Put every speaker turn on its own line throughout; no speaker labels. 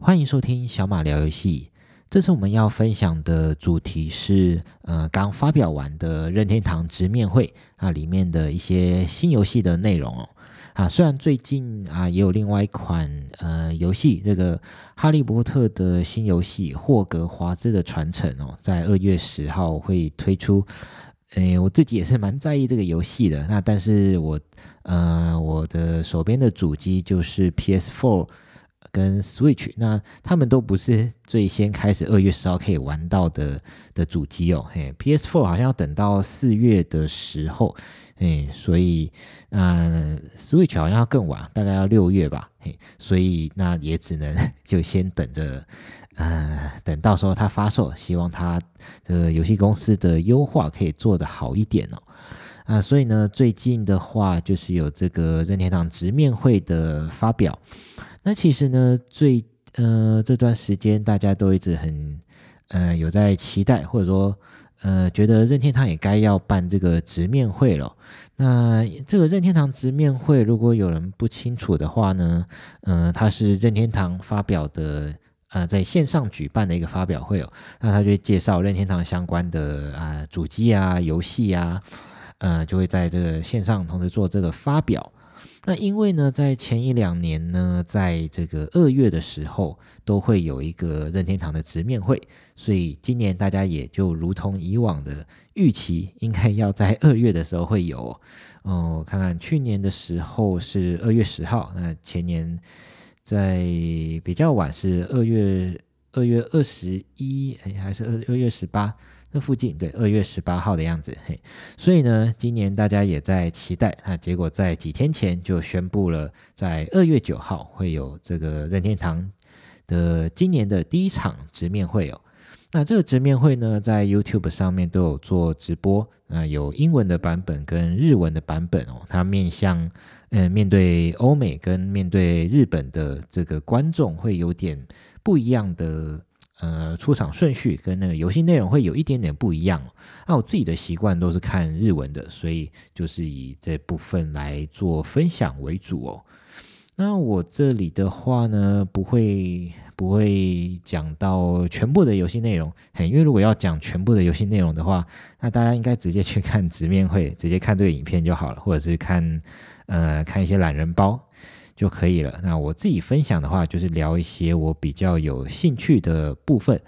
歡迎收聽小馬聊遊戲。這次我們要分享的主題是，呃，剛發表完的任天堂直面會啊裡面的一些新遊戲的內容哦。啊，雖然最近啊也有另外一款呃遊戲，這個《哈利波特》的新遊戲《霍格華茲的傳承》哦，在二月十號會推出，誒，我自己也是蠻在意這個遊戲的。那但是我，我呃我的手邊的主機就是 PS Four。跟 Switch，那他們都不是最先開始二月十號可以玩到的的主機哦。嘿，PS4 好像要等到四月的時候，哎，所以那、呃、Switch 好像要更晚，大概要六月吧。嘿，所以那也只能就先等着、呃，等到時候它發售，希望它這個遊戲公司的優化可以做得好一點哦。啊、呃，所以呢，最近的話就是有這個任天堂直面會的發表。那其實呢，最呃這段時間大家都一直很呃有在期待，或者說呃覺得任天堂也該要辦這個直面會了哦。那這個任天堂直面會，如果有人不清楚的話呢，呃它是任天堂發表的呃在線上舉辦的一個發表會哦。那他就會介紹任天堂相關的啊，呃，主機啊遊戲啊，呃就會在這個線上同時做這個發表。那因為呢，在前一兩年呢，在這個二月的時候都會有一個任天堂的直面會，所以今年大家也就如同以往的預期，應該要在二月的時候會有哦。嗯，呃，我看看，去年的時候是二月十號，那前年在比較晚是二月二月二十一，哎，還是二二月十八。那附近，對，二月十八號的樣子嘿。所以呢，今年大家也在期待。那結果在幾天前就宣布了，在二月九號會有這個任天堂的今年的第一場直面會哦。那這個直面會呢，在 YouTube 上面都有做直播，啊，有英文的版本跟日文的版本哦。它面向嗯、呃、面對歐美跟面對日本的這個觀眾會有點不一樣的。呃，出場順序跟那個遊戲內容會有一點點不一樣哦。那我自己的習慣都是看日文的，所以就是以這部分來做分享為主哦。那我這裡的話呢，不會不會講到全部的遊戲內容，很，因為如果要講全部的遊戲內容的話，那大家應該直接去看直面會，直接看這個影片就好了，或者是看呃看一些懶人包。就可以了。那我自己分享的話，就是聊一些我比較有興趣的部分。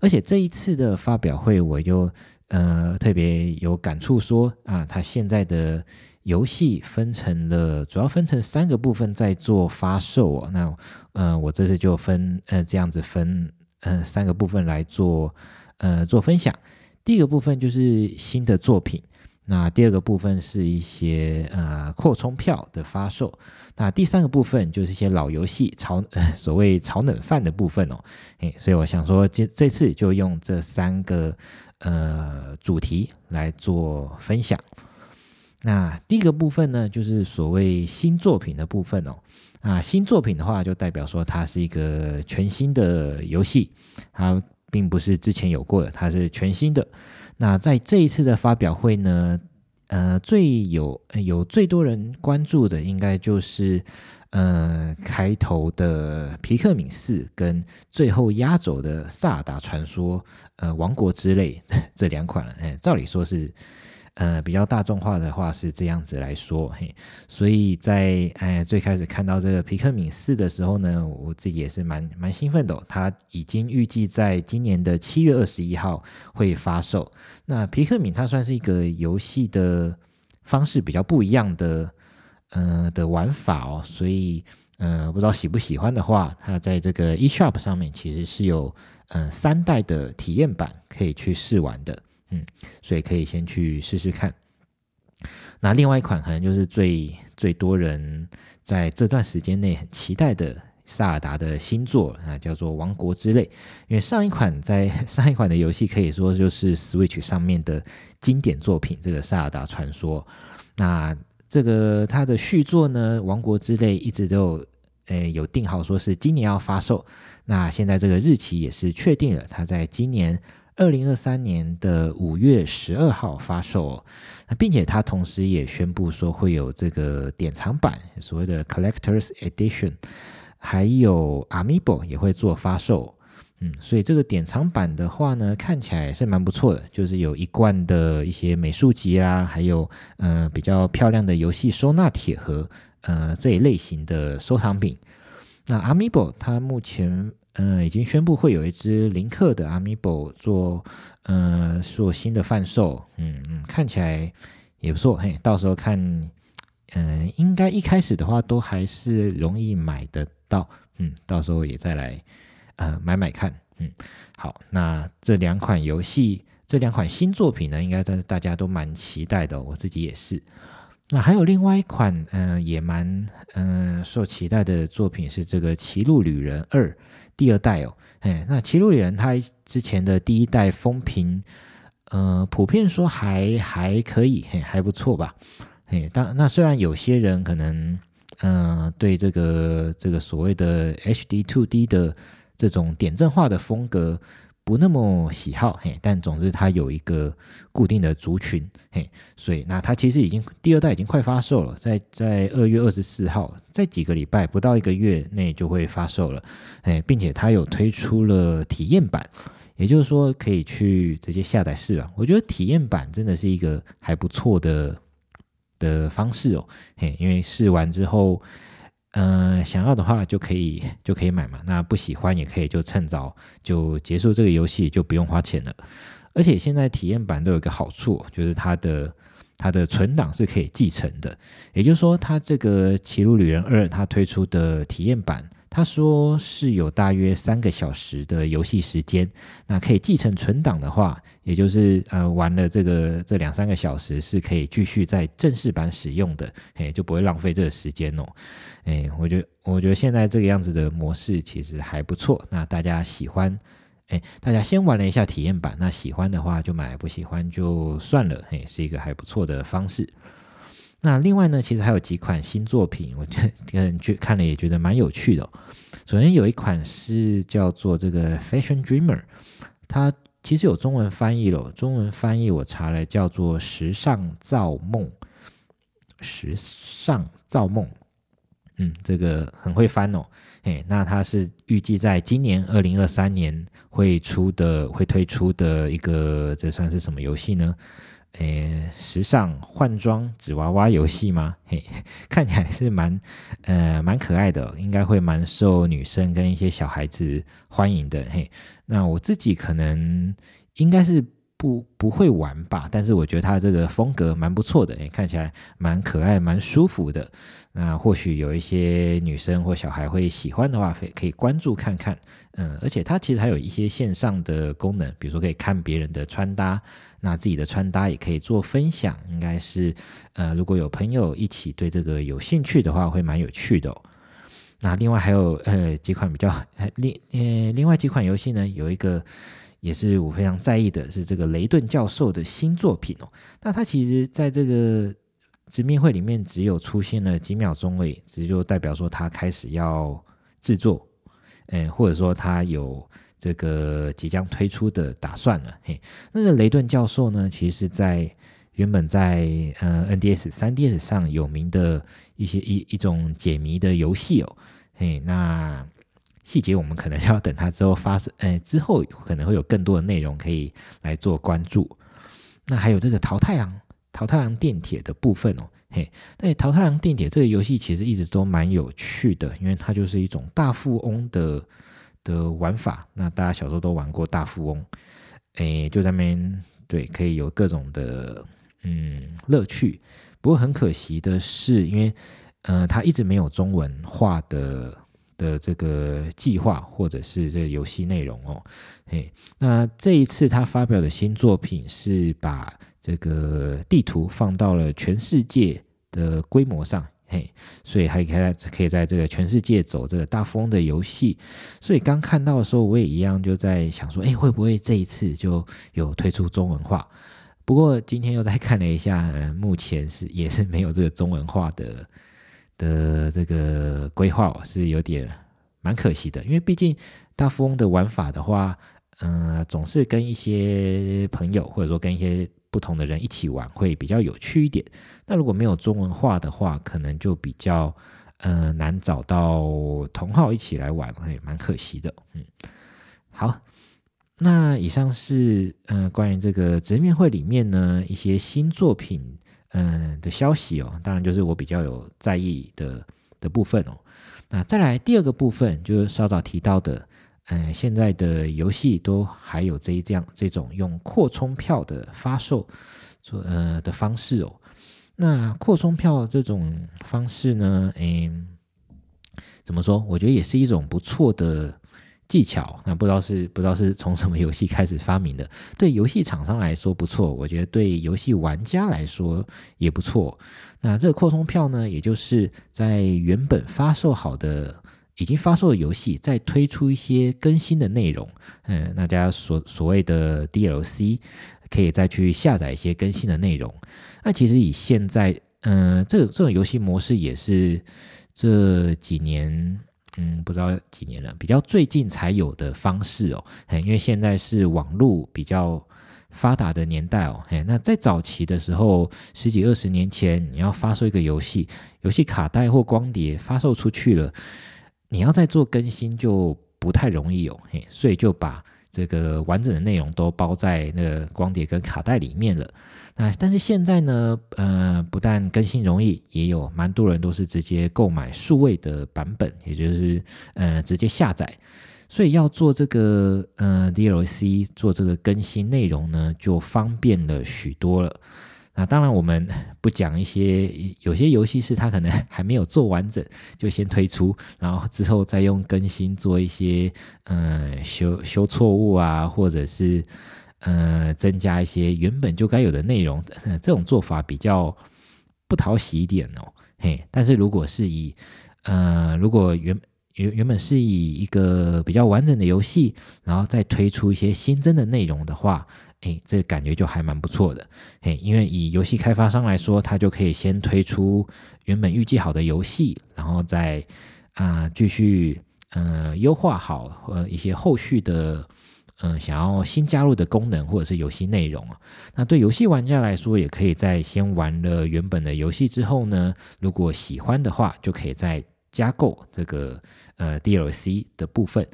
而且這一次的發表會，我就呃特別有感觸說，說、呃、啊，他現在的遊戲分成了主要分成三個部分在做發售哦。那呃，我這次就分呃這樣子分呃三個部分來做呃做分享。第一個部分就是新的作品。那第二個部分是一些呃擴充票的發售，那第三個部分就是一些老遊戲炒所謂炒冷飯的部分哦。誒、欸，所以我想說這這次就用這三個呃主題來做分享。那第一個部分呢，就是所謂新作品的部分哦。啊，新作品的話，就代表說它是一個全新的遊戲，它並不是之前有過的，它是全新的。那在這一次的發表會呢，呃，最有有最多人關注的，應該就是呃開頭的皮克敏四跟最後壓軸的薩爾達傳說，呃，王國之淚這兩款了。哎，照理說是。呃，比較大眾化的話是這樣子來說，嘿，所以在哎最開始看到這個皮克敏四的時候呢，我自己也是蠻蠻興奮的哦。它已經預計在今年的七月二十一號會發售。那皮克敏它算是一個遊戲的方式比較不一樣的，嗯、呃、的玩法哦。所以呃，不知道喜不喜歡的話，它在這個 eShop 上面其實是有嗯、呃、三代的體驗版可以去試玩的。嗯，所以可以先去試試看。那另外一款，可能就是最最多人在這段時間內很期待的《薩爾達》的新作啊，叫做《王國之淚》。因為上一款在上一款的遊戲，可以說就是 Switch 上面的經典作品，這個《薩爾達傳說》。那這個它的續作呢，《王國之淚》一直都有誒有定好說是今年要發售。那現在這個日期也是確定了，它在今年。二零二三年的五月十二號發售，並且他同時也宣布說會有這個典藏版，所謂的 Collector's Edition，還有 Amiibo 也會做發售。嗯，所以這個典藏版的話呢，看起來也是蠻不錯的，就是有一貫的一些美術集啊，還有嗯、呃、比較漂亮的遊戲收納鐵盒，嗯、呃，這一類型的收藏品。那 Amiibo 它目前嗯，已經宣布會有一隻林克的 Amiibo 做，嗯、呃，做新的販售，嗯嗯，看起來也不錯，嘿，到時候看，嗯，應該一開始的話都還是容易買得到，嗯，到時候也再來，呃，買買看，嗯，好，那這兩款遊戲，這兩款新作品呢，應該大大家都蠻期待的、哦，我自己也是。那還有另外一款，嗯、呃，也蠻，嗯、呃，受期待的作品是這個《歧路旅人二》。第二代哦，嘿，那《歧路旅人》他之前的第一代風評，呃，普遍說還還可以，嘿，還不錯吧？嘿，但那雖然有些人可能，嗯、呃，對這個這個所謂的 HD-2D 的這種點陣化的風格。不那麼喜好嘿，但總之它有一個固定的族群嘿，所以那它其實已經第二代已經快發售了，在在二月二十四號，在幾個禮拜不到一個月內就會發售了嘿，並且它有推出了體驗版，也就是說可以去直接下載試了啊。我覺得體驗版真的是一個還不錯的的方式哦嘿，因為試完之後。嗯、呃，想要的話就可以就可以買嘛。那不喜歡也可以，就趁早就結束這個遊戲，就不用花錢了。而且現在體驗版都有一個好處，就是它的它的存檔是可以繼承的。也就是說，它這個《歧路旅人二》它推出的體驗版，他說是有大約三個小時的遊戲時間。那可以繼承存檔的話，也就是呃，玩了這個這兩三個小時是可以繼續在正式版使用的，嘿，就不會浪費這個時間哦。哎、欸，我覺得我覺得現在這個樣子的模式其實還不錯。那大家喜歡，哎、欸，大家先玩了一下體驗版。那喜歡的話就買，不喜歡就算了。哎、欸，是一個還不錯的方式。那另外呢，其實還有幾款新作品，我覺得看了也覺得蠻有趣的哦。首先有一款是叫做這個《Fashion Dreamer》，它其實有中文翻譯嘍。中文翻譯我查了，叫做《時尚造夢》，《時尚造夢》。嗯，這個很會翻哦，嘿，那它是預計在今年二零二三年會出的，會推出的一個，這算是什麼遊戲呢？誒，時尚換裝紙娃娃遊戲嗎？嘿，看起來是蠻，呃，蠻可愛的哦，應該會蠻受女生跟一些小孩子歡迎的。嘿，那我自己可能應該是。不不會玩吧？但是我覺得他這個風格蠻不錯的，誒，看起來蠻可愛，蠻舒服的。那或許有一些女生或小孩會喜歡的話，可以關注看看。嗯、呃，而且它其實還有一些線上的功能，比如說可以看別人的穿搭，那自己的穿搭也可以做分享。應該是呃，如果有朋友一起對這個有興趣的話，會蠻有趣的哦。那另外還有呃幾款比較另呃另外幾款遊戲呢，有一個。也是我非常在意的，是這個雷頓教授的新作品哦。那他其實在這個直面會裡面只有出現了幾秒鐘而已，只是就代表說他開始要制作，嗯、欸，或者說他有這個即將推出的打算了。嘿，那這個、雷頓教授呢，其實是在原本在呃 NDS 3DS 上有名的一些一一種解謎的遊戲哦。嘿，那。細節我們可能要等它之後發生，呃、欸，之後可能會有更多的內容可以來做關注。那還有這個桃太郎桃太郎電鐵的部分哦、喔，嘿，那桃太郎電鐵這個遊戲其實一直都蠻有趣的，因為它就是一種大富翁的的玩法。那大家小時候都玩過大富翁，哎、欸，就在那邊對，可以有各種的嗯樂趣。不過很可惜的是，因為嗯、呃，它一直沒有中文化的，的這個計劃或者是這個遊戲內容哦，嘿，那這一次他發表的新作品是把這個地圖放到了全世界的規模上，嘿，所以還可以在這個全世界走這個大富翁的遊戲。所以剛看到的時候，我也一樣就在想說，哎，會不會這一次就有推出中文化？不過今天又再看了一下，目前是也是沒有這個中文化的，的這個規劃、喔、是有點蠻可惜的，因為畢竟大富翁的玩法的話，嗯、呃，總是跟一些朋友或者說跟一些不同的人一起玩會比較有趣一點。那如果沒有中文化的話，可能就比較嗯、呃、難找到同好一起來玩，會、欸、蠻可惜的。嗯，好，那以上是嗯、呃、關於這個直面會裡面呢一些新作品。嗯，的消息哦，當然就是我比較有在意的的部分哦。那再來第二個部分，就是稍早提到的，嗯，現在的遊戲都還有這一這樣這種用擴充票的發售做呃的方式哦。那擴充票這種方式呢，嗯，怎麼說？我覺得也是一種不錯的。技巧，那不知道是不知道是從什麼遊戲開始發明的。對遊戲廠商來說不錯，我覺得對遊戲玩家來說也不錯。那這個擴充票呢，也就是在原本發售好的，已經發售的遊戲，再推出一些更新的內容。嗯，那大家所所謂的 DLC，可以再去下載一些更新的內容。那其實以現在，嗯、呃，這這種遊戲模式也是這幾年。嗯，不知道幾年了，比較最近才有的方式哦。因為現在是網絡比較發達的年代哦。嘿，那在早期的時候，十幾二十年前，你要發售一個遊戲，遊戲卡帶或光碟發售出去了，你要再做更新就不太容易有嘿，所以就把這個完整的內容都包在那個光碟跟卡帶裡面了。啊，但是現在呢，呃，不但更新容易，也有蠻多人都是直接購買數位的版本，也就是呃直接下載，所以要做這個呃 DLC 做這個更新內容呢，就方便了許多了。那當然我們不講一些有些遊戲是它可能還沒有做完整就先推出，然後之後再用更新做一些呃，修修錯誤啊，或者是。呃，增加一些原本就該有的內容，這，這種做法比較不討喜一點哦。嘿，但是如果是以呃，如果原原原本是以一個比較完整的遊戲，然後再推出一些新增的內容的話，哎，這感覺就還蠻不錯的。嘿，因為以遊戲開發商來說，他就可以先推出原本預計好的遊戲，然後再啊、呃、繼續嗯、呃、優化好呃一些後續的。嗯，想要新加入的功能或者是遊戲內容啊，那對遊戲玩家來說，也可以在先玩了原本的遊戲之後呢，如果喜歡的話，就可以再加購這個呃 DLC 的部分。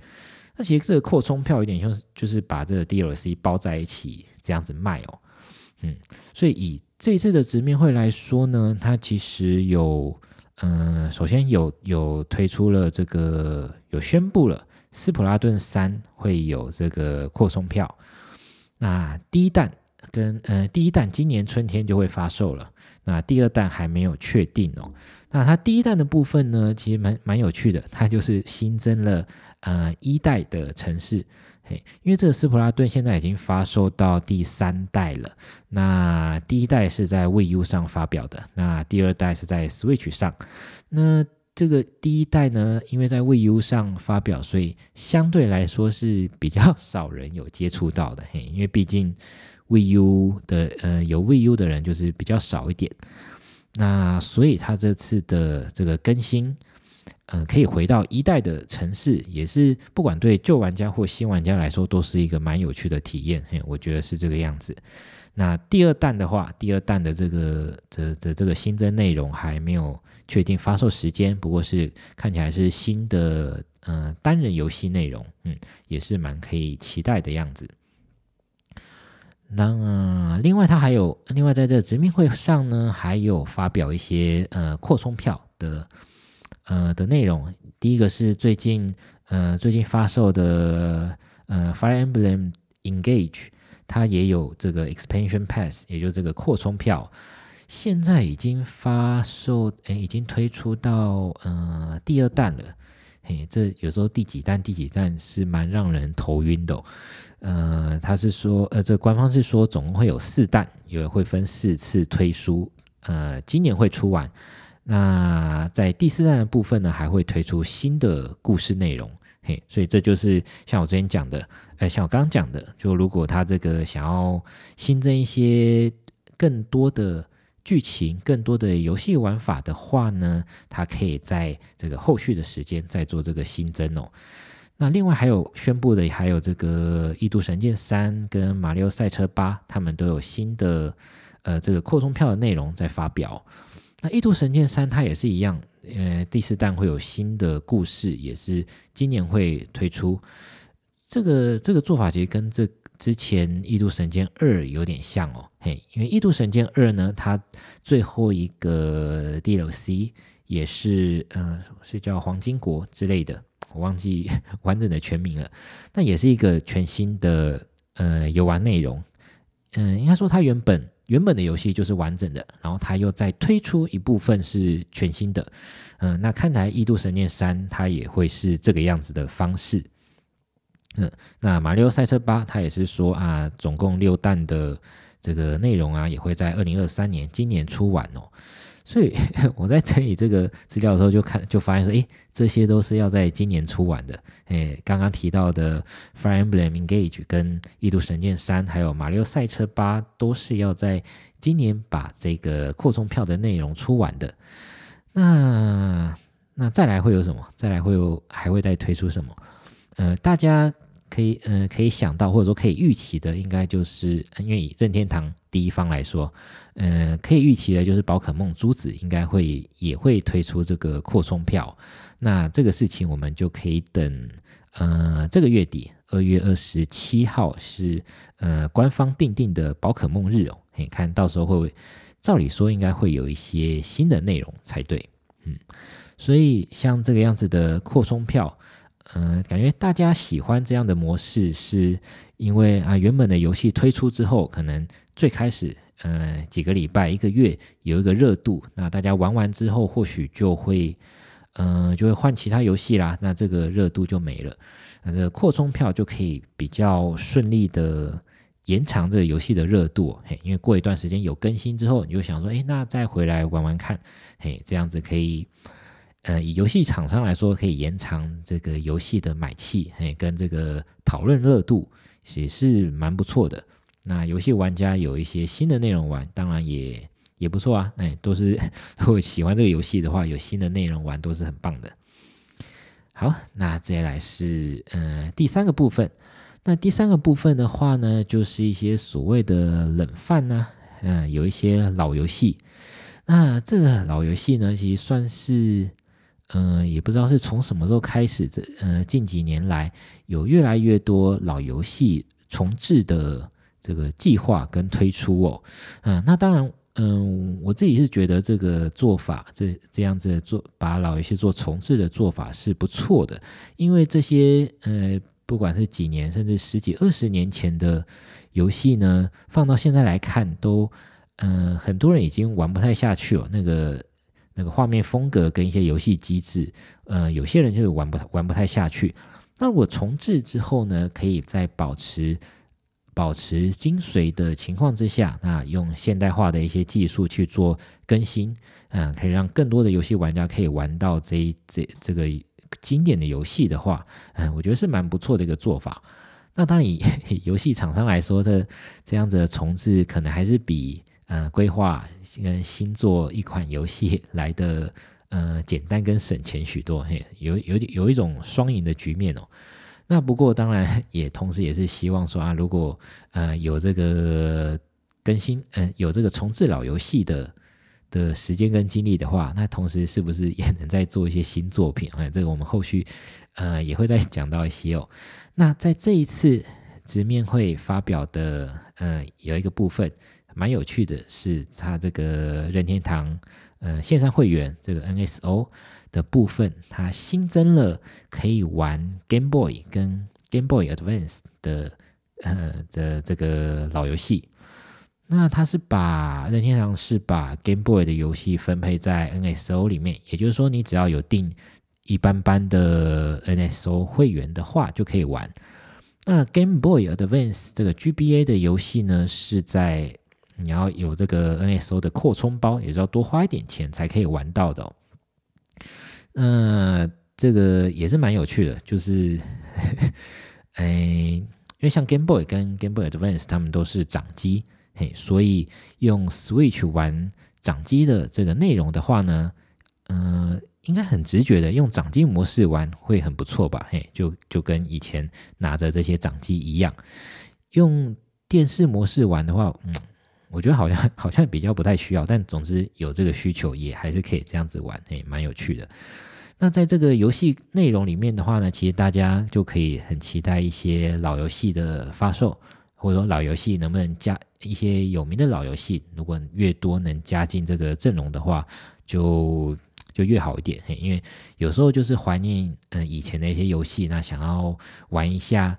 那其實這個擴充票有點像，就是把這個 DLC 包在一起這樣子賣哦、喔。嗯，所以以這一次的直面會來說呢，它其實有嗯、呃，首先有有推出了這個，有宣布了。斯普拉頓三會有這個擴充票，那第一彈跟呃第一彈今年春天就會發售了，那第二彈還沒有確定哦。那它第一彈的部分呢，其實蠻蠻有趣的，它就是新增了呃一代的城市，嘿，因為這個斯普拉頓現在已經發售到第三代了，那第一代是在 Wii U 上發表的，那第二代是在 Switch 上，那。這個第一代呢，因為在 Wii U 上發表，所以相對來說是比較少人有接觸到的。嘿，因為畢竟 Wii U 的，呃有 Wii U 的人就是比較少一點。那所以他這次的這個更新，嗯、呃，可以回到一代的城市，也是不管對舊玩家，或新玩家來說，都是一個蠻有趣的體驗。嘿，我覺得是這個樣子。那第二彈的話，第二彈的這個這這這個新增內容還沒有確定發售時間，不過是看起來是新的，呃單人遊戲內容，嗯，也是蠻可以期待的樣子。那、呃、另外，它還有另外在這個直面會上呢，還有發表一些呃擴充票的呃的內容。第一個是最近呃最近發售的呃《Fire Emblem Engage》，它也有這個 Expansion Pass，也就是這個擴充票。現在已經發售，哎，已經推出到嗯、呃、第二彈了。嘿，這有時候第幾彈、第幾彈是蠻讓人頭暈的、哦。呃，他是說，呃，這官方是說，總共會有四彈，也會分四次推出。呃，今年會出完。那在第四彈的部分呢，還會推出新的故事內容。嘿，所以這就是像我之前講的，哎、呃，像我剛，剛講的，就如果他這個想要新增一些更多的。劇情更多的遊戲玩法的話呢，它可以在這個後續的時間再做這個新增哦。那另外還有宣布的，還有這個《異度神劍三》跟《馬里奧賽車八》，他們都有新的呃這個擴充票的內容在發表。那《異度神劍三》它也是一樣，呃，第四彈會有新的故事，也是今年會推出。這個這個做法其實跟這個。之前《異度神劍二》有點像哦，嘿，因為《異度神劍二》呢，它最後一個 DLC 也是，嗯，是叫黃金國之類的，我忘記 完整的全名了。但也是一個全新的，呃，遊玩內容。嗯，應該說它原本原本的遊戲就是完整的，然後它又再推出一部分是全新的。嗯，那看來《異度神劍三》它也會是這個樣子的方式。嗯，那馬里奧賽車八，它也是說啊，總共六彈的這個內容啊，也會在二零二三年今年出完哦。所以我在整理這個資料的時候，就看就發現說，誒、欸，這些都是要在今年出完的。誒、欸，剛剛提到的 Fire Emblem Engage 跟《異度神劍三》，還有《馬里奧賽車八》，都是要在今年把這個擴充票的內容出完的。那那再來會有什麼？再來會有還會再推出什麼？呃，大家可以，呃，可以想到或者說可以預期的，應該就是，因為任天堂第一方來說，呃，可以預期的就是寶可夢珠子應該會也會推出這個擴充票。那這個事情我們就可以等，呃，這個月底二月二十七號是呃官方定定的寶可夢日哦，你看到時候會，照理說應該會有一些新的內容才對，嗯，所以像這個樣子的擴充票。嗯、呃，感覺大家喜歡這樣的模式，是因為啊、呃，原本的遊戲推出之後，可能最開始，嗯、呃，幾個禮拜、一個月有一個熱度，那大家玩完之後，或許就會，嗯、呃，就會換其他遊戲啦，那這個熱度就沒了。那這擴充票就可以比較順利的延長這個遊戲的熱度，嘿、欸，因為過一段時間有更新之後，你就想說，哎、欸，那再回來玩玩看，嘿、欸，這樣子可以。呃，以遊戲廠商來說，可以延長這個遊戲的買氣，哎、欸，跟這個討論熱度也是蠻不錯的。那遊戲玩家有一些新的內容玩，當然也也不錯啊，哎、欸，都是如果喜歡這個遊戲的話，有新的內容玩都是很棒的。好，那接下來是呃第三個部分。那第三個部分的話呢，就是一些所謂的冷飯吶、啊。嗯、呃，有一些老遊戲。那這個老遊戲呢，其實算是。嗯，也不知道是從什麼時候開始，這呃、嗯、近幾年來有越來越多老遊戲重製的這個計劃跟推出哦。嗯，那當然，嗯，我自己是覺得這個做法，這這樣子做把老遊戲做重製的做法是不錯的，因為這些呃不管是幾年甚至十幾二十年前的遊戲呢，放到現在來看都，都嗯很多人已經玩不太下去了，那個。那個畫面風格跟一些遊戲機制，嗯、呃，有些人就是玩不太玩不太下去。那我重置之後呢，可以在保持保持精髓的情況之下，那用現代化的一些技術去做更新，嗯、呃，可以讓更多的遊戲玩家可以玩到這這這個經典的遊戲的話，嗯、呃，我覺得是蠻不錯的一個做法。那當然遊戲廠商來說，這這樣子的重置可能還是比。呃，規劃新跟新做一款遊戲來的，嗯、呃，簡單跟省錢許多嘿，有有有一種雙贏的局面哦。那不過當然也同時也是希望說啊，如果呃有這個更新，嗯、呃，有這個重製老遊戲的的時間跟精力的話，那同時是不是也能再做一些新作品？哎，這個我們後續嗯、呃，也會再講到一些哦。那在這一次直面會發表的，嗯、呃，有一個部分。蠻有趣的是，它這個任天堂，呃，線上會員這個 NSO 的部分，它新增了可以玩 Game Boy 跟 Game Boy Advance 的，呃的這個老遊戲。那它是把任天堂是把 Game Boy 的遊戲分配在 NSO 裡面，也就是說，你只要有訂一般般的 NSO 會員的話，就可以玩。那 Game Boy Advance 這個 GBA 的遊戲呢，是在你要有這個 N S O 的擴充包，也是要多花一點錢才可以玩到的。哦。嗯、呃，這個也是蠻有趣的，就是，誒、 欸，因為像 Game Boy 跟 Game Boy Advance 他們都是掌機，嘿，所以用 Switch 玩掌機的這個內容的話呢，嗯、呃，應該很直覺的用掌機模式玩會很不錯吧？嘿，就就跟以前拿着這些掌機一樣，用電視模式玩的話，嗯。我覺得好像好像比較不太需要，但總之有這個需求也還是可以這樣子玩，嘿，蠻有趣的。那在這個遊戲內容裡面的話呢，其實大家就可以很期待一些老遊戲的發售，或者說老遊戲能不能加一些有名的老遊戲。如果越多能加進這個陣容的話，就就越好一點。嘿，因為有時候就是懷念嗯以前的一些遊戲，那想要玩一下，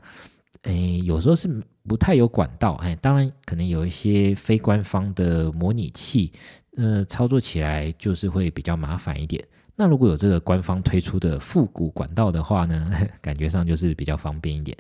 哎、欸，有時候是。不太有管道。哎，當然可能有一些非官方的模擬器，呃，操作起來就是會比較麻煩一點。那如果有這個官方推出的復古管道的話呢，感覺上就是比較方便一點。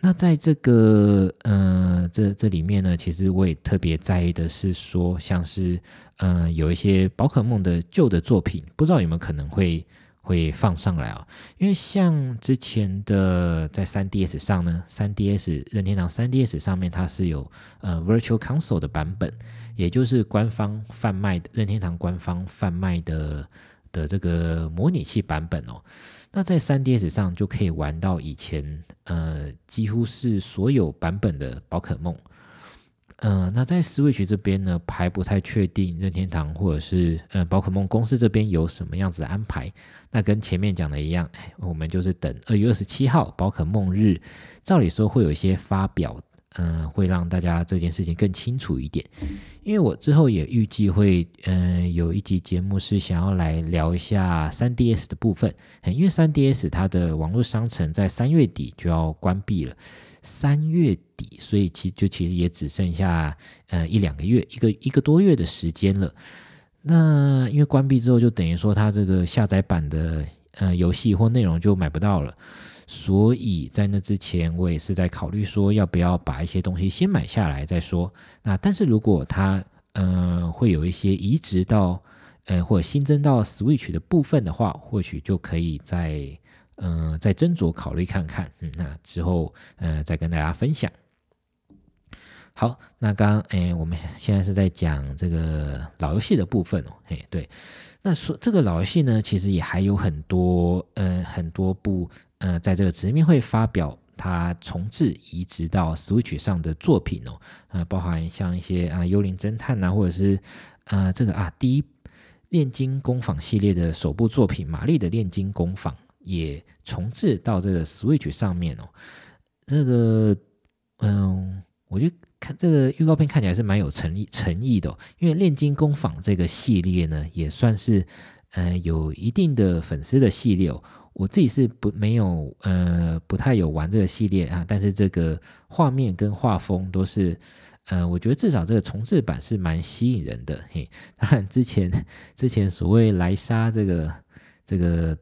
那在這個，嗯、呃，這這裡面呢，其實我也特別在意的是說，像是，嗯、呃，有一些寶可夢的舊的作品，不知道有沒有可能會會放上來啊、哦，因為像之前的在三 DS 上呢，三 DS、任天堂三 DS 上面它是有呃 Virtual Console 的版本，也就是官方販賣的任天堂官方販賣的的這個模擬器版本哦。那在三 DS 上就可以玩到以前呃幾乎是所有版本的寶可夢。呃，那在 Switch 這邊呢，還不太確定任天堂或者是呃寶可夢公司這邊有什麼樣子的安排。那跟前面講的一樣，我們就是等二月二十七號寶可夢日，照理說會有一些發表，嗯、呃，會讓大家這件事情更清楚一點。因為我之後也預計會，嗯、呃，有一集節目是想要來聊一下三 DS 的部分，因為三 DS 它的網絡商城在三月底就要關閉了，三月底，所以其就其實也只剩下呃一兩個月，一個一個多月的時間了。那因為關閉之後，就等於說它這個下載版的呃遊戲或內容就買不到了，所以在那之前，我也是在考慮說要不要把一些東西先買下來再說。那但是如果它嗯、呃、會有一些移植到呃或者新增到 Switch 的部分的話，或許就可以再嗯、呃、再斟酌考慮看看，嗯，那之後呃再跟大家分享。好，那剛哎，我們現在是在講這個老遊戲的部分哦，嘿，對。那說這個老遊戲呢，其實也還有很多，呃，很多部，呃，在這個直面會發表它重製移植到 Switch 上的作品哦，呃，包含像一些啊、呃，幽靈偵探啊，或者是啊、呃、這個啊，第一煉金工坊系列的首部作品《瑪麗的煉金工坊》也重製到這個 Switch 上面哦。這個，嗯、呃，我覺得。看這個預告片，看起來是蠻有誠意誠意的哦。因為《煉金工坊》這個系列呢，也算是呃有一定的粉絲的系列哦。我自己是不沒有，呃，不太有玩這個系列啊。但是這個畫面跟畫風都是，呃，我覺得至少這個重製版是蠻吸引人的。嘿，當然之前之前所謂萊莎這個這個，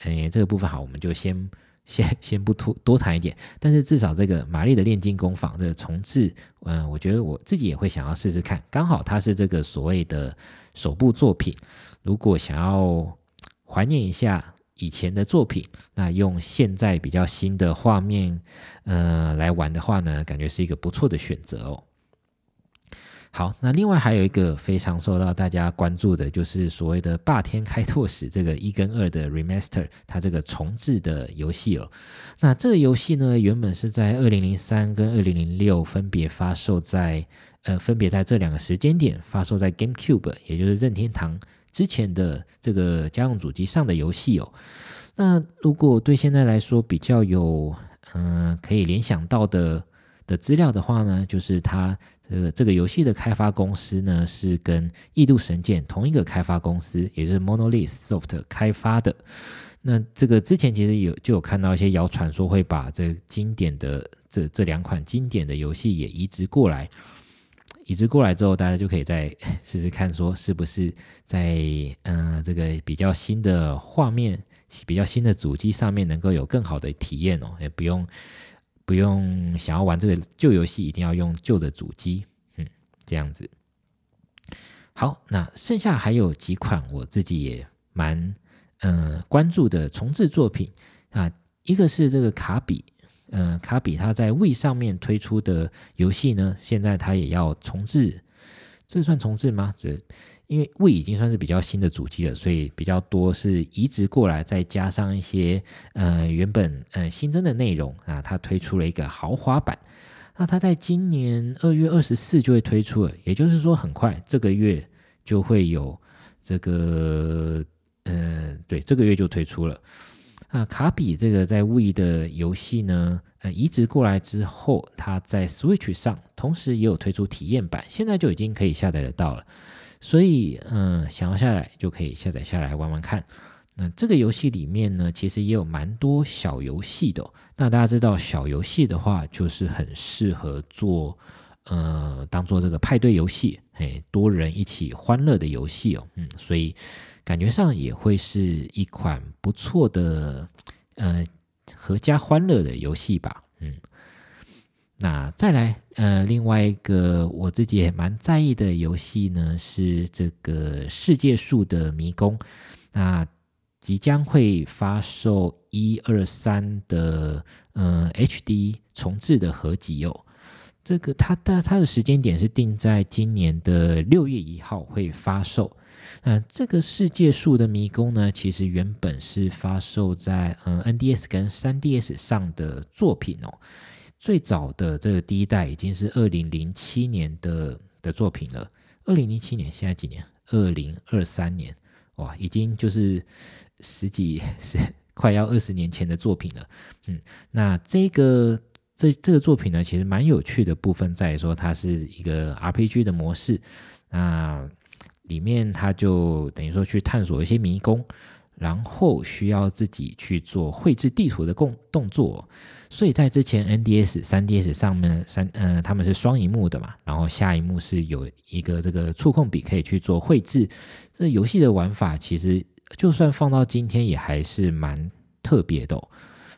哎、欸，這個部分好，我們就先。先先不多多談一點，但是至少這個瑪麗的煉金工坊這個重置，嗯，我覺得我自己也會想要試試看。剛好它是這個所謂的首部作品，如果想要懷念一下以前的作品，那用現在比較新的畫面，呃，來玩的話呢，感覺是一個不錯的選擇哦。好，那另外還有一個非常受到大家關注的，就是所謂的《霸天開拓史》這個一跟二的 Remaster，它這個重製的遊戲哦，那這個遊戲呢，原本是在二零零三跟二零零六分別發售在，呃，分別在這兩個時間點發售在 GameCube，也就是任天堂之前的這個家用主機上的遊戲哦。那如果對現在來說比較有，嗯、呃，可以聯想到的。的資料的話呢，就是它呃這個遊戲的開發公司呢是跟《異度神劍》同一個開發公司，也就是 Monolith Soft 開發的。那這個之前其實有就有看到一些謠傳說會把這經典的這這兩款經典的遊戲也移植過來。移植過來之後，大家就可以再試試看，說是不是在嗯、呃、這個比較新的畫面、比較新的主機上面能夠有更好的體驗哦、喔，也不用。不用想要玩這個舊遊戲，一定要用舊的主機，嗯，這樣子。好，那剩下還有幾款我自己也蠻嗯、呃、關注的重製作品啊，一個是這個卡比，嗯、呃，卡比他在 Wii 上面推出的遊戲呢，現在它也要重製。這算重製嗎？這、就是。因為 Wii 已經算是比較新的主機了，所以比較多是移植過來，再加上一些呃原本呃新增的內容啊，它推出了一個豪華版。那它在今年二月二十四就會推出了，也就是說很快這個月就會有這個嗯、呃、對，這個月就推出了。那、啊、卡比這個在 Wii 的遊戲呢，呃移植過來之後，它在 Switch 上同時也有推出體驗版，現在就已經可以下載得到了。所以，嗯，想要下載就可以下載下來玩玩看。那這個遊戲裡面呢，其實也有蠻多小遊戲的哦。那大家知道，小遊戲的話，就是很適合做，呃，當做這個派對遊戲，哎，多人一起歡樂的遊戲哦。嗯，所以感覺上也會是一款不錯的，呃，合家歡樂的遊戲吧。嗯。那再來，呃，另外一個我自己也蠻在意的遊戲呢，是這個世界樹的迷宮。那即將會發售一二三的呃 HD 重製的合集哦。這個它的它的時間點是定在今年的六月一號會發售。嗯，這個世界樹的迷宮呢，其實原本是發售在嗯、呃、NDS 跟三 DS 上的作品哦。最早的這個第一代已經是二零零七年的的作品了。二零零七年，現在幾年？二零二三年，哇，已經就是十幾、十快要二十年前的作品了。嗯，那這個這這個作品呢，其實蠻有趣的部分在於說，它是一個 RPG 的模式，那裡面它就等於說去探索一些迷宮。然後需要自己去做繪製地圖的動動作，哦，所以在之前 NDS、3DS 上面，三呃他們是雙熒幕的嘛，然後下一幕是有一個這個觸控筆可以去做繪製。這遊戲的玩法其實就算放到今天也還是蠻特別的，哦，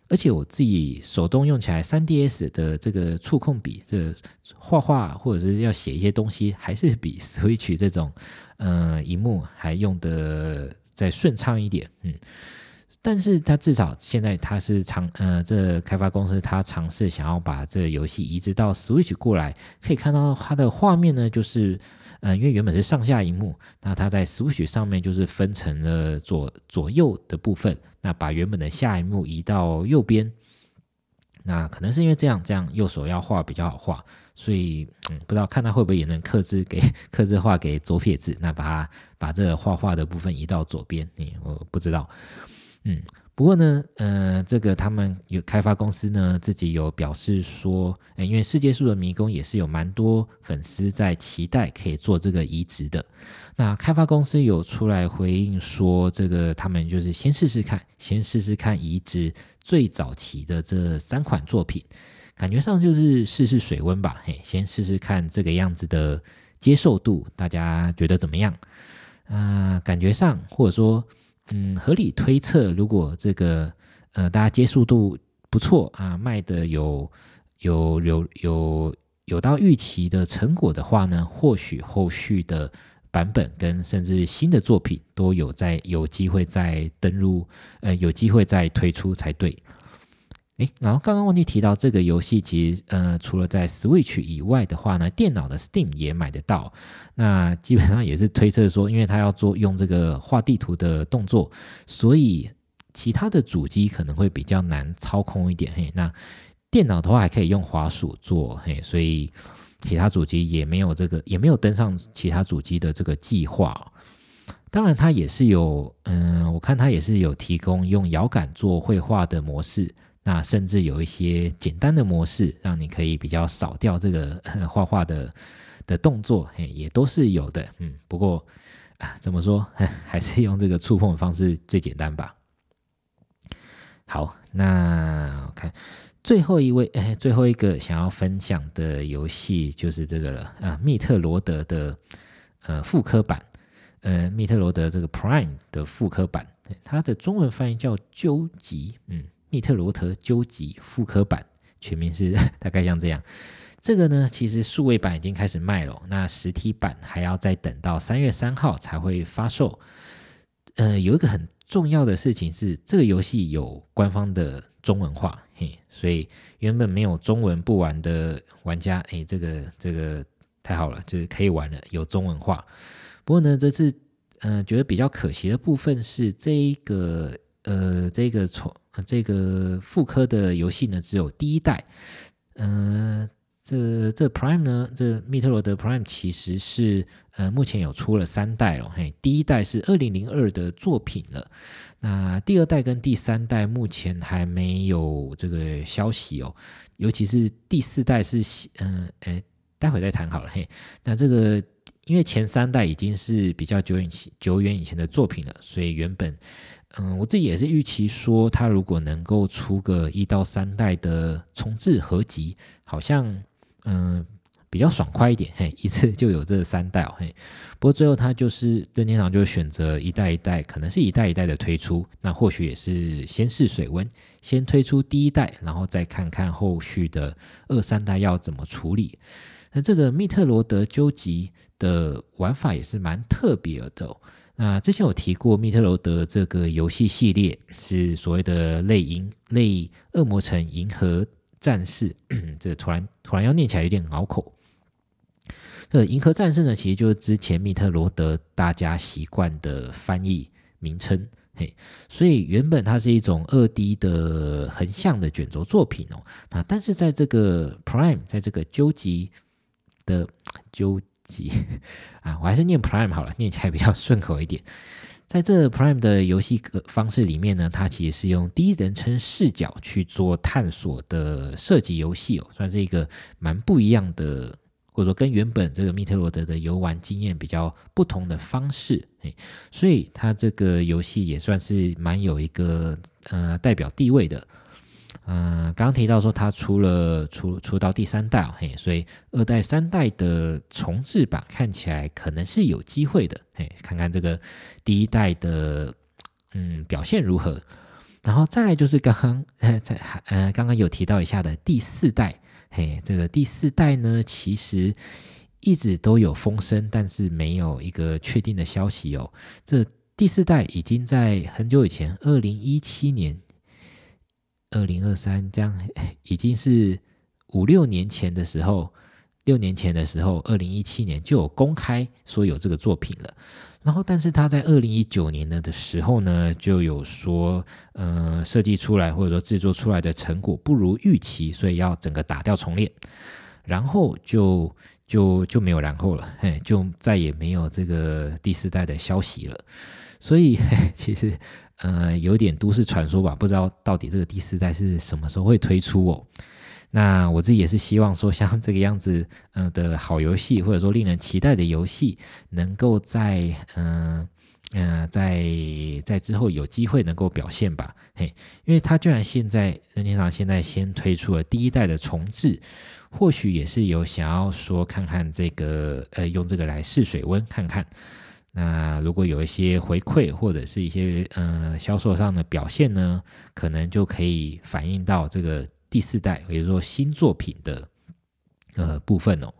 而且我自己手動用起來 3DS 的這個觸控筆，這畫畫或者是要寫一些東西，還是比 Switch 這種嗯、呃、熒幕還用的再順暢一點，嗯，但是它至少現在它是嘗，呃，這開發公司它嘗試想要把這遊戲移植到 Switch 過來，可以看到它的畫面呢，就是，嗯，因為原本是上下螢幕，那它在 Switch 上面就是分成了左左右的部分，那把原本的下螢幕移到右邊。那可能是因為這樣，這樣右手要畫比較好畫，所以、嗯、不知道看他會不會也能客製給客製畫給左撇子，那把它把這個畫畫的部分移到左邊，你、嗯、我不知道，嗯。不過呢，呃，這個他們有開發公司呢，自己有表示說，呃，因為《世界樹的迷宮》也是有蠻多粉絲在期待可以做這個移植的。那開發公司有出來回應說，這個他們就是先試試看，先試試看移植最早期的這三款作品，感覺上就是試試水溫吧，嘿，先試試看這個樣子的接受度，大家覺得怎麼樣？啊、呃，感覺上或者說。嗯，合理推測，如果這個呃大家接受度不錯啊，賣的有有有有有到預期的成果的話呢，或許後續的版本跟甚至新的作品都有在有機會再登入，呃有機會再推出才對。誒，然後剛剛忘記提到，這個遊戲其實，呃，除了在 Switch 以外的話呢，電腦的 Steam 也買得到。那基本上也是推測說，因為它要做用這個畫地圖的動作，所以其他的主機可能會比較難操控一點。嘿，那電腦的話還可以用滑鼠做，嘿，所以其他主機也沒有這個，也沒有登上其他主機的這個計劃，哦。當然，它也是有，嗯，我看它也是有提供用搖桿做繪畫的模式。那甚至有一些簡單的模式，讓你可以比較少掉這個畫畫的的動作嘿，也都是有的。嗯，不過、啊、怎麼說，還是用這個觸碰的方式最簡單吧。好，那我看、OK, 最後一位、欸，最後一個想要分享的遊戲就是這個了。啊，密特羅德的呃複刻版，呃，密特羅德這個 Prime 的複刻版、欸，它的中文翻譯叫究極，嗯。密特羅特究極復刻版，全名是大概像這樣。這個呢，其實數位版已經開始賣了，那實體版還要再等到三月三號才會發售。嗯、呃，有一個很重要的事情是，這個遊戲有官方的中文化，嘿，所以原本沒有中文不玩的玩家，哎、欸，這個這個太好了，就是可以玩了，有中文化。不過呢，這次嗯、呃，覺得比較可惜的部分是這一個呃，這個從這個複刻的遊戲呢，只有第一代。嗯、呃，這這 Prime 呢，這密特羅德 Prime 其實是呃，目前有出了三代哦。嘿，第一代是二零零二的作品了。那第二代跟第三代目前還沒有這個消息哦。尤其是第四代是，嗯、呃，待會再談好了。嘿，那這個。因為前三代已經是比較久遠、久遠以前的作品了，所以原本，嗯，我自己也是預期說，他如果能夠出個一到三代的重製合集，好像嗯比較爽快一點，嘿，一次就有這三代哦，嘿。不過最後他就是任天堂就選擇一代一代，可能是一代一代的推出，那或許也是先試水溫，先推出第一代，然後再看看後續的二三代要怎麼處理。那這個密特羅德究極。的玩法也是蠻特別的哦。那之前有提過《密特羅德》這個遊戲系列是所謂的“類銀類惡魔城銀河戰士”， 這個、突然突然要念起來有點拗口。呃，銀河戰士呢，其實就是之前《密特羅德》大家習慣的翻譯名稱，嘿。所以原本它是一種二 D 的橫向的卷軸作品哦。啊，但是在這個 Prime，在這個究極的究。級啊，我還是念 Prime 好了，念起來比較順口一點。在這 Prime 的遊戲、呃、方式裡面呢，它其實是用第一人稱視角去做探索的射擊遊戲哦，算是一個蠻不一樣的，或者說跟原本這個《密特羅德》的遊玩經驗比較不同的方式誒，所以它這個遊戲也算是蠻有一個呃代表地位的。嗯，剛剛提到說它出了出出到第三代哦，嘿，所以二代三代的重製版看起來可能是有機會的，嘿，看看這個第一代的嗯表現如何，然後再來就是剛剛在呃剛剛有提到一下的第四代，嘿，這個第四代呢其實一直都有風聲，但是沒有一個確定的消息哦，這第四代已經在很久以前，二零一七年。二零二三這樣、哎、已經是五六年前的時候，六年前的時候，二零一七年就有公開說有這個作品了。然後，但是他在二零一九年的時候呢，就有說，嗯、呃，設計出來或者說制作出來的成果不如預期，所以要整個打掉重練。然後就。就就沒有然後了，嘿，就再也沒有這個第四代的消息了，所以嘿，其實呃有點都市傳說吧，不知道到底這個第四代是什麼時候會推出哦。那我自己也是希望說像這個樣子嗯、呃、的好遊戲，或者說令人期待的遊戲，能夠在嗯嗯、呃呃、在在之後有機會能夠表現吧，嘿，因為它居然現在任天堂現在先推出了第一代的重置。或許也是有想要說看看這個，呃，用這個來試水溫看看。那如果有一些回饋或者是一些嗯呃銷售上的表現呢，可能就可以反映到這個第四代，也就是說新作品的呃部分哦。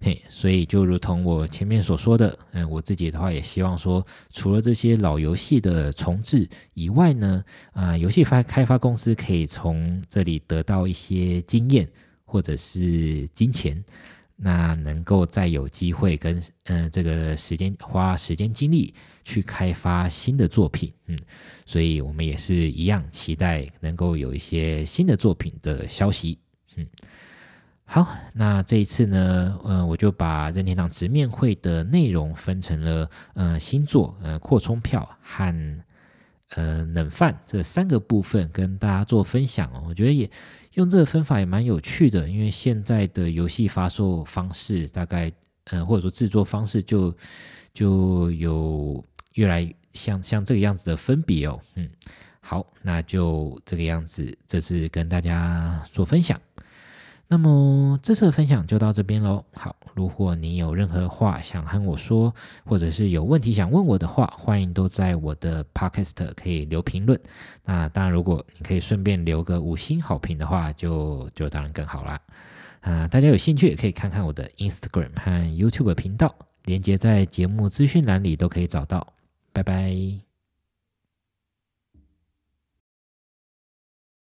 嘿，所以就如同我前面所說的，嗯、呃，我自己的話也希望說，除了這些老遊戲的重製以外呢，啊、呃，遊戲發開發公司可以從這裡得到一些經驗。或者是金錢，那能夠再有機會跟嗯、呃、這個時間花時間精力去開發新的作品，嗯，所以我們也是一樣期待能夠有一些新的作品的消息，嗯，好，那這一次呢，嗯、呃、我就把任天堂直面會的內容分成了嗯、呃、新作、嗯、呃、擴充票和嗯、呃、冷飯這三個部分跟大家做分享哦，我覺得也。用這個分法也蠻有趣的，因為現在的遊戲發售方式大概，嗯、呃，或者說製作方式就就有越來越像像這個樣子的分別哦。嗯，好，那就這個樣子，這次跟大家做分享。那麼這次的分享就到這邊嘍。好，如果你有任何話想和我說，或者是有問題想問我的話，歡迎都在我的 Podcast 可以留評論。那當然，如果你可以順便留個五星好評的話，就就當然更好啦。嗯、呃，大家有興趣也可以看看我的 Instagram 和 YouTube 頻道，連結在節目資訊欄裡都可以找到。拜拜。